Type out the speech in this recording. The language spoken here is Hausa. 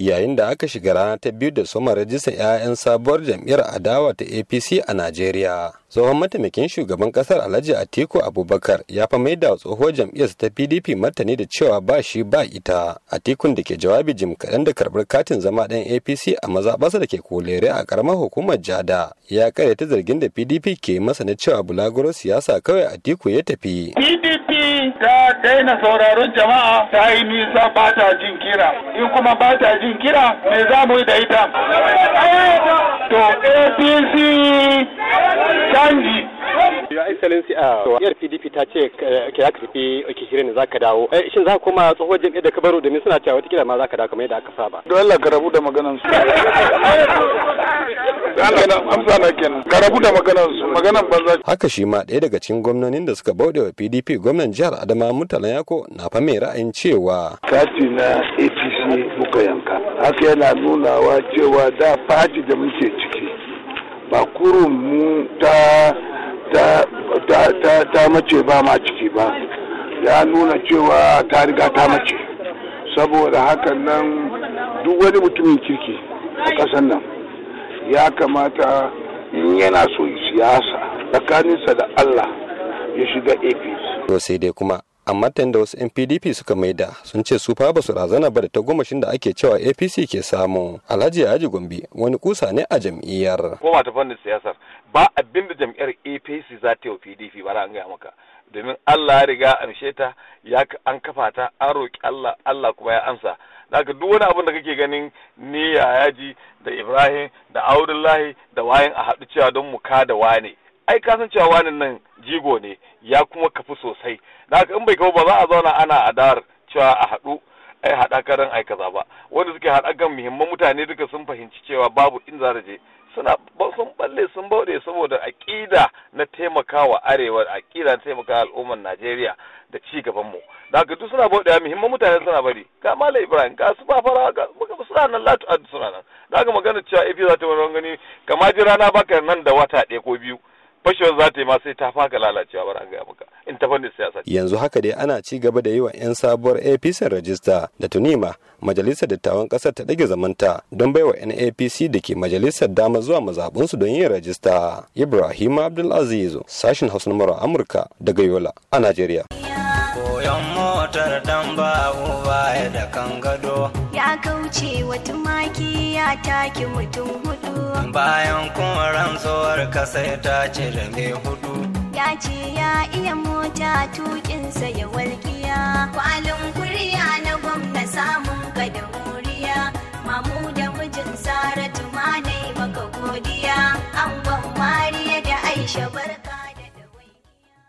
yayin da aka shiga rana ta biyu da soma rajistar 'ya'yan sabuwar jam'iyyar adawa ta apc a najeriya tsohon mataimakin shugaban kasar alhaji atiku abubakar ya fa maida tsohuwar jam'iyyarsa ta pdp martani da cewa ba shi ba ita atikun da ke jawabi jim kaɗan da karɓar katin zama ɗan apc a mazaɓarsa da ke kolere a ƙaramar hukumar jada ya ta zargin da pdp ke masa na cewa bulaguro siyasa kawai atiku ya tafi pdp ta daina sauraron jama'a ta yi nisa ba ta jin kira in kuma ba ta jin kira me za mu yi da ita to apc canji ya Excellency a ah, yar PDP ta ce eh, ke za ka tafi shirin za ka dawo. Eh, shin za kuma koma tsohuwar jam'iyyar da ka baro domin suna cewa watakila ma za ka dawo kamar yadda aka saba. Don Allah ka rabu da maganan su. amsa na kenan haka shi ma ɗaya daga cikin gwamnonin da suka bauɗe wa PDP gwamnan jihar Adama Murtala Yako na fa mai ra'ayin cewa kati na APC muka yanka haka yana nunawa cewa da faji da muke ciki ba kurun mu ta ta ta ta mace ba ma ciki ba ya nuna cewa ta riga ta mace saboda hakan nan duk wani mutumin kirki a ƙasar nan ya kamata in yana so siyasa tsakaninsa da Allah ya shiga APC. To sai dai kuma amma da wasu 'yan pdp suka maida sun ce su fa ba su razana ba da ta gomashin da ake cewa apc ke samu alhaji yaji gombe wani kusa ne a jam'iyyar koma ta fannin siyasar ba abin da jam'iyyar apc za ta yi wa pdp ba an gaya maka domin allah ya riga amshe ta ya an kafa ta an roƙi allah allah kuma ya amsa daga duk wani abin da kake ganin ni ya yaji da ibrahim da audullahi da wayan a haɗu cewa don mu da wane ai ka san cewa wani nan jigo ne ya kuma kafi sosai daga in bai kawo ba za a zauna ana adawar cewa a haɗu ai a ai kaza ba wanda suke haɗakan muhimman mutane duka sun fahimci cewa babu in za je suna sun balle sun bauɗe saboda aƙida na taimakawa arewa aƙida na taimakawa al'ummar Najeriya da ci gaban mu da haka duk suna bauɗe muhimman mutane suna bari ga Malam Ibrahim ga su fara ga suna nan latu suna nan da magana cewa ifi za ta wani gani kama ji rana baka nan da wata ɗaya ko biyu fashewar za ta yi ma ta faka lalacewa an gaya maka in ta fannin siyasa yanzu haka dai ana ci gaba da yi wa 'yan sabuwar apc rajista da tunima majalisar dattawan kasar ta ɗage zamanta don baiwa napc da ke majalisar dama zuwa mazaɓunsu don yin rajista ibrahim abdulaziz sashen hausa na amurka daga yola a najeriya motar dan babu baya da kan gado ya kauce wa tumaki ya take mutum hudu bayan kuma rantsuwar kasai ta da mai hudu ya ce ya iya mota tukinsa ya walƙiya kwalin